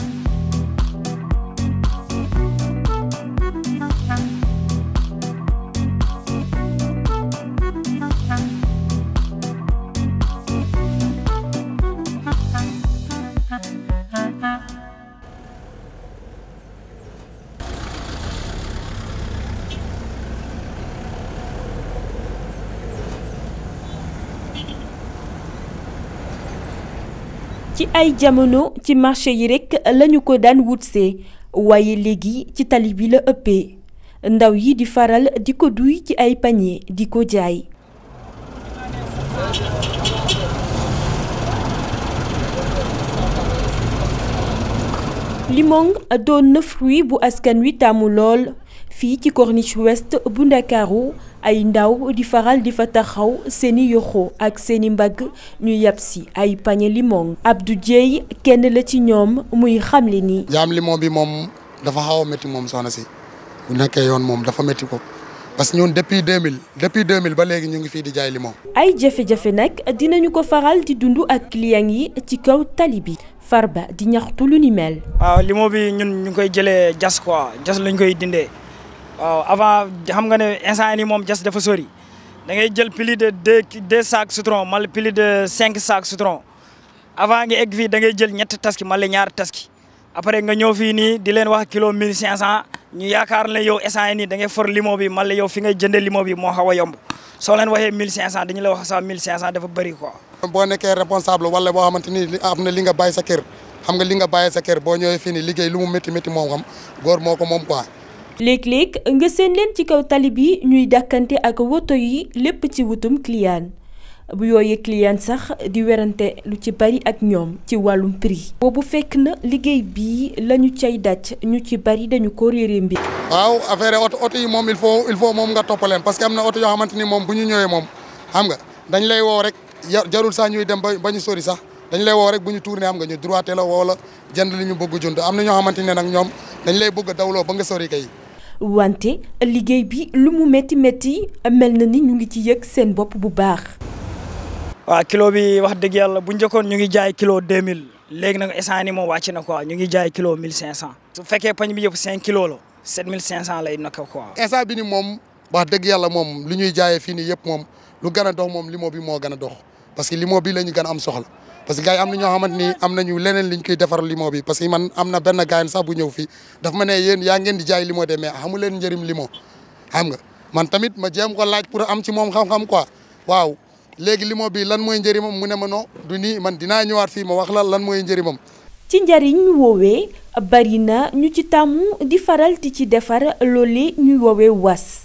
you. ci ay jamono ci marché yi rekk lañu ko daan wutse waaye léegi ci tali bi la ëppee ndaw yi di faral di ko duy ci ay panier di ko jaay limong doon na fruit bu askan wi taamu lool fii ci corniche ouest bu ndakaaru ay ndaw di faral di fa taxaw seeni yoxoo ak seeni mbagg ñu yab si ay pañe limon du Dieye kenn la ci ñoom muy xamle ni jaam limon bi moom dafa xaw a métti moom soxna si bu nekkee yoon moom dafa métti ko parce que ñun depuis 2000 depuis 2000 ba léegi ñu ngi fii di jaay limon. ay jafe-jafe nag dinañu ko faral di dund ak clients yi ci kaw tali bi far ba di ñaxtu lu ni mel. waaw limon bi ñun ñu ngi koy jëlee jas quoi jas lañ koy dindee. waaw avant xam nga ne instant ni moom jas dafa sori da ngay jël plus de deux deux sacs citron mal plus de cinq sacs citron avant nga egg fii da jël ñetti taski mal ñaar taski après nga ñëw fii nii di leen wax kilo mille cinq cent ñu yaakaar ne yow instant nii da ngay for limon bi mal yow fi ngay jëndee limon bi moo xaw a yomb soo leen waxee mille cinq cent dañu la wax sax mille cinq cent dafa bëri quoi. boo nekkee responsable wala boo xamante ni am na li nga bàyyi sa kër xam nga li nga bàyyi sa kër boo ñëwee fii nii liggéey lu mu métti métti moom xam góor moo moom quoi. lek lek nga seen len ci kaw tali bi ñuy dàkkante ak woto yi lepp ci wutum client bu yoyé client sax di werante lu ci bari ak ñom ci walum prix. bu fekk na liggéey bi lañu cey dacc ñu ci bari dañu ko réré mbi waaw affaire auto auto yi mom il faut il faut mom nga toppaleen parce que amna auto yo xamanteni mom bu ñu ñëwee mom xam nga dañ lay wo rek ya, jarul sax ñuy dem bañu sori sax. dañ lay wo rek bu ñu tourné am nga ñu droité la woo la jënd li ñu bëgg jënd amna ño xamanteni nak ñom dañ lay bëgg dawlo ba nga sori kay wante liggéey bi lu mu metti métti mel na ni ñu ngi ci yëg seen bopp bu baax. waaw kilo bi wax dëgg yàlla bu njëkkoon ñu ngi jaay kilo 2000 léegi nag instant ni moom na quoi ñu ngi jaay kilo 1500. su fekkee pañ bi yëpp 5 kilos la 7500 lay naka quoi. instant bi ni moom wax dëgg yàlla moom li ñuy jaayee fii nii yëpp moom lu gën a dox moom limo bi moo gën dox parce que limo bi la ñu gën a am soxla. parce que yi am na ñoo xamante ni am nañu leneen li liñ koy defar limo bi parce que man am na benn gars sax bu ñëw fii daf ma ne yéen yaa ngeen di jaay limo de mais xamu leen limo xam nga man tamit ma jéem ko laaj pour am ci moom xam-xam quoi waaw léegi limo bi lan mooy njëriñam mu ne ma non du nii man dinaa ñëwaat fii ma wax la lan mooy njëriñam. ci njariñ woowee bari na ñu ci tàmm di faral di ci defar loolu ñuy woowee was.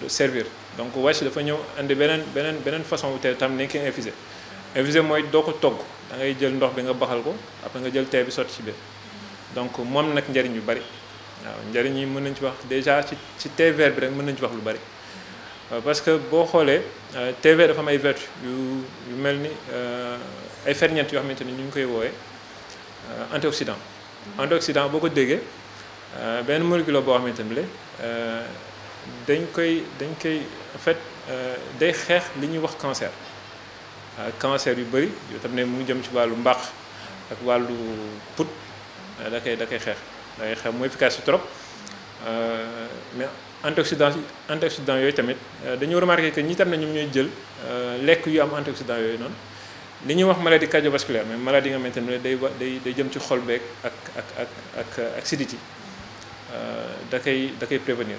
du servir donc wàcc dafa ñëw indi benen benen benen façon bu tey tam nañ koy infusé infusé mooy doo togg da ngay jël ndox bi nga baxal ko après nga jël té bi sotti ci bi donc mom nak njëriñ yu bari waaw njëriñ yi mën nañ ci wax déjà ci ci té vert bi rek mën nañ ci wax lu bari euh, parce que bo xolé thé vert dafa am ay vertu yu yu mel ni euh, ay ferñent yoo xamante ñu ngi koy wooyee euh, antioxydant mm-hmm. antioxydant boko ko déggee benn molécule boo xamante euh dañ koy en fait euh, day li wax cancer euh, cancer yu mu jëm ci ak put euh, da da trop mais antioxydant antioxydant antioxydants tamit que ñi tam jël yu am antioxydants yoy non li wax maladie cardiovasculaire mais maladie nga maintenant day day jëm ci ak ak ak prévenir.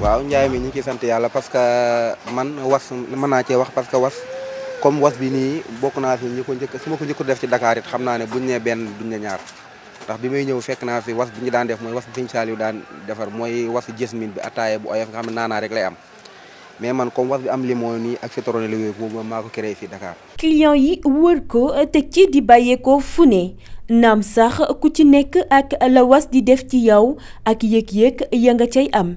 waaw njaay mi ñu ngi ciy sant yàlla parce que man was mën naa cee wax parce que was comme was bi nii bokk naa fi ko njëkk su ma ko njëkk def ci dakaar it xam naa ne buñ ne benn duñ ne ñaar ndax bi may ñëw fekk naa fi was bi ñu daan def mooy was bi Sëñ Saaliw daan defar mooy wasu jasmine bi ataaya bu oyof nga xam ne naanaa rek lay am mais man comme was bi am limon nii ak citron la yooyu boobu maa ko créé fii yi wër ko eh, te ci di bàyyeekoo fu ne naam sax ku ci nekk ak la was di def ci yow ak yëg-yëg ya nga cay am.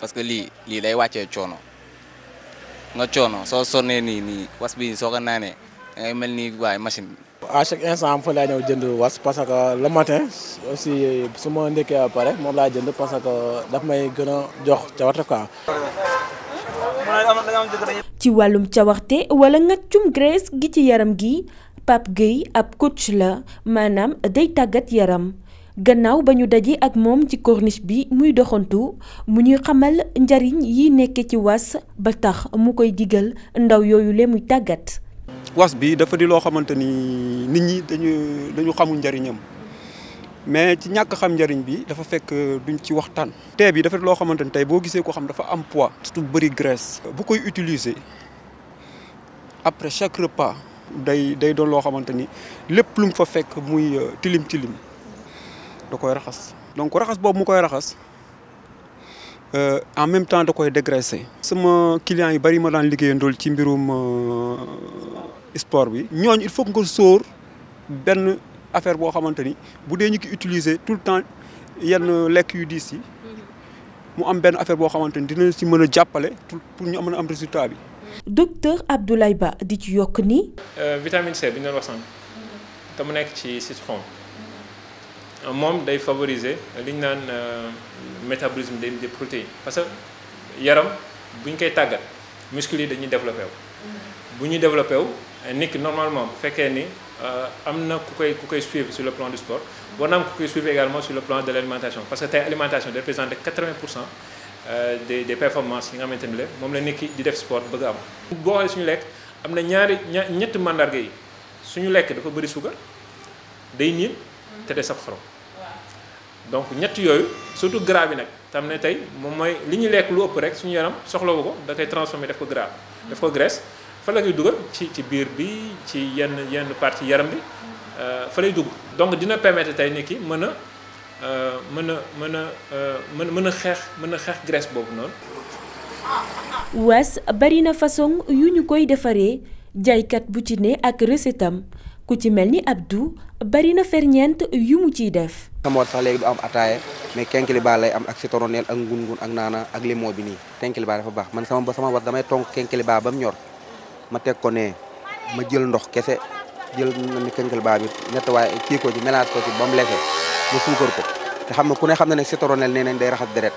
parce que li li lay wacce choono nga choono so sonné ni ni was bi so ko nané ngay ni gua machine à chaque instant fa laa ñeu jënd was parce que le matin aussi suma ndéké ndékkee mom pare jënd parce que daf may gëna jox ci cawarte quoi. ci ci waxté wala cium graisse gi ci yaram gi pap gay ab coach la manam day tagat yaram gannaaw ba ñu daje ak moom ci corniche bi muy doxantu mu ñuy xamal njariñ yi nekk ci was ba tax mu koy digal ndaw yooyu le muy tàggat was bi dafa di loo xamante ni nit ñi dañu dañu xamul njariñam mais ci ñàkk xam njariñ bi dafa fekk duñ ci waxtaan tee bi dafa di loo xamante ni tey boo gisee ko xam dafa am poids surtout bëri graisse bu koy utiliser après chaque repas day day doon loo xamante ni lépp lu mu fa fekk muy euh, tilim tilim da koy raxas donc raxas boobu mu koy raxas euh en même temps da koy dégraisser sama client yu bari ma dan daan ndol ci mbirum euh, sport bi ñooñu il faut que nga sóor benn affaire bo xamanteni ni bu dee ñu ki utiliser tout le temps yenn lekk yu diis yi mu am ben affaire bo xamanteni ni dina ci mëna jappalé pour ñu mën am résultat bi. docteur Abdoulaye Ba di ci yok ni. euh vitamine C bi ñu doon wax sànq te mu nekk ci citron mom day favoriser liñ nane euh, métabolisme des des protéines parce que yaram buñ koy tagat muscle yi dañuy développé wu. Mm-hmm. bu wu normalement bu ni euh, am na ku koy ku koy suivre sur le plan du sport Bon, mm-hmm. am ku koy suivre également sur le plan de l'alimentation. parce que tay alimentation représente 80 euh, des des performances yi nga xamante ni mom la nit di def sport bëgg am. boo xoolee suñu lekk amna ñaari ña ñetti mandarga yi suñu lekk dafa bëri suukar day niin te des saf xorom donc ñett yooyu surtout gras nak nag tay ne moy moom mooy li ñu lekk lu ëpp rek suñu yaram soxlo ko da koy transformer def ko gras def ko graisse fa la koy dugal ci ci biir bi ci yenn yenn partie yaram bi euh fa lay dugg donc dina permettre tay niki ki euh a mën euh mën xex mën xex graisse boobu noonu was bari na façon yu ñu koy defaree jaaykat bu ci né ak recette am ku ci mel ni Abdou bari na ferñeent yu mu ciy def. xamoo sax léegi du am ataaye mais kenkiliba lay am ak citronnelle ak ngun-ngun ak naana ak limon bi nii. kenkiliba dafa baax man sama sama war damay tonk kenkiliba ba mu ñor ma teg ko nee ma jël ndox kese jël na kenkiliba bi nettoyé kii ko ci mélange ko ci ba mu lese ma suukar ko te xam nga ku ne xam na ne citronnelle nee day raxas deret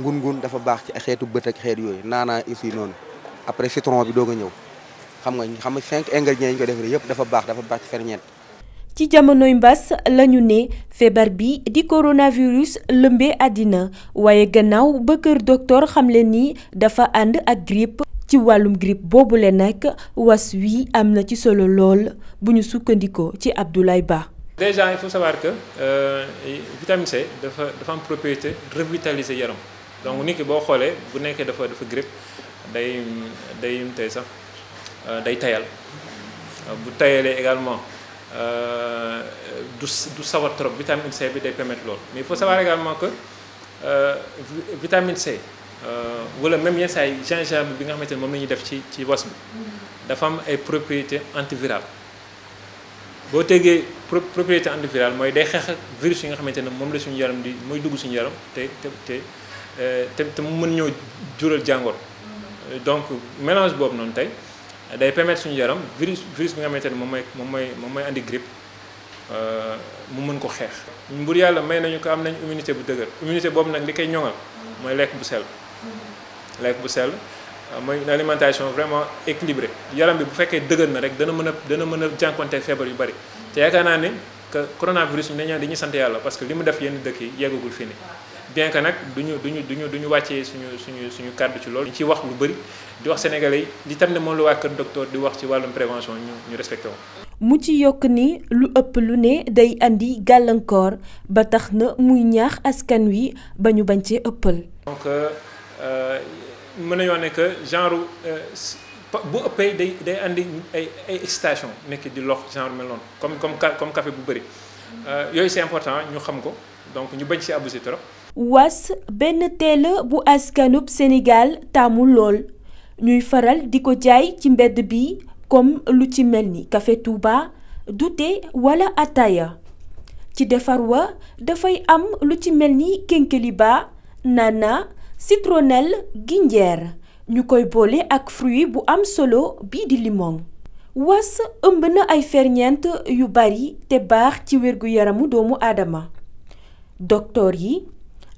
ngun-ngun dafa baax ci xeetu bët ak xeet yooyu naana aussi noonu après citron bi doog a ñëw. xam nga xam nga cinq ingrédients ñu ko defaree yëpp dafa baax dafa ci ci jamonoy lañu né feebar bi di coronavirus lembé adina waye gannaaw ba kër docteur xamle ni dafa and ak grippe. ci walum grippe le nag was wi am na ci solo lol. buñu sukkandiko ci Abdoulaye Ba. déjà il faut savoir que euh, vitamine C dafa dafa am propriété revitaliser yaram donc niki bo xolé bu nekkee dafa dafa grippe day day tay sax. Euh, day tayal euh, bu tayalee également euh, du du sawar trop vitamine C bi day permettre loolu mais il faut savoir également que euh vitamine C euh wala même yenn saa gingembre bi nga xamantene mom moom def ci ci was bi dafa am ay propriétés antivirales bo tegee propriété antivirale moy day xex virus yi nga xamantene mom la suñu yaram di moy dugg suñu yaram té té té euh té mën ñoo jural jàngoro mm. donc mélange boobu non tay day permettre suñu yaram virus virus bi nga xamante ne moom mooy moom mooy moom mooy andi grippe euh, mu mën ko xeex. mbur yàlla may nañu ko am nañ immunité bu dëgër immunité boobu nag li koy ñoŋal mooy lekk bu sel lekk bu sell euh, mooy une alimentation vraiment équilibrée yaram bi bu fekkee dëgër na rek dana mën a dana mën a jànkuwanteeg feebar yu bari te yaakaar naa ne que coronavirus ñu ne dañuy sant yàlla parce que li mu def yenn dëkk yi yeggagul fi nii. bien que nak duñu duñu duñu duñu wàccee suñu suñu suñu kàddu ci loolu ci wax lu bari di wax sénégalais yi li tam ne mo lu wa keur docteur di wax ci walum prévention ñu ñu respecté wu mu ci yok ni lu ëpp lu ne day andi gàllankoor ba tax na muy ñaax askan wi bañu ñu bañ cee ëppal. donc euh, euh mëna ne que genre euh, bu ëppee day day andi ay ay excitation nekk di lox genre mel noonu comme comme comme café bu bari euh yoy c'est important ñu xam ko donc ñu bañ si abusé trop. was benn tee bu askanub Sénégal tamu lool ñuy faral di ko jaay ci mbedd bi comme lu ci mel ni café Touba dute wala ataaya ci defar wa dafay am lu ci mel ni kénkeliba nana sitronel ginjeer ñu koy boole ak fruit bu am solo bii di limon. was ëmb na ay ferñent yu bari te baax ci wergu yaramu doomu aadama docteur yi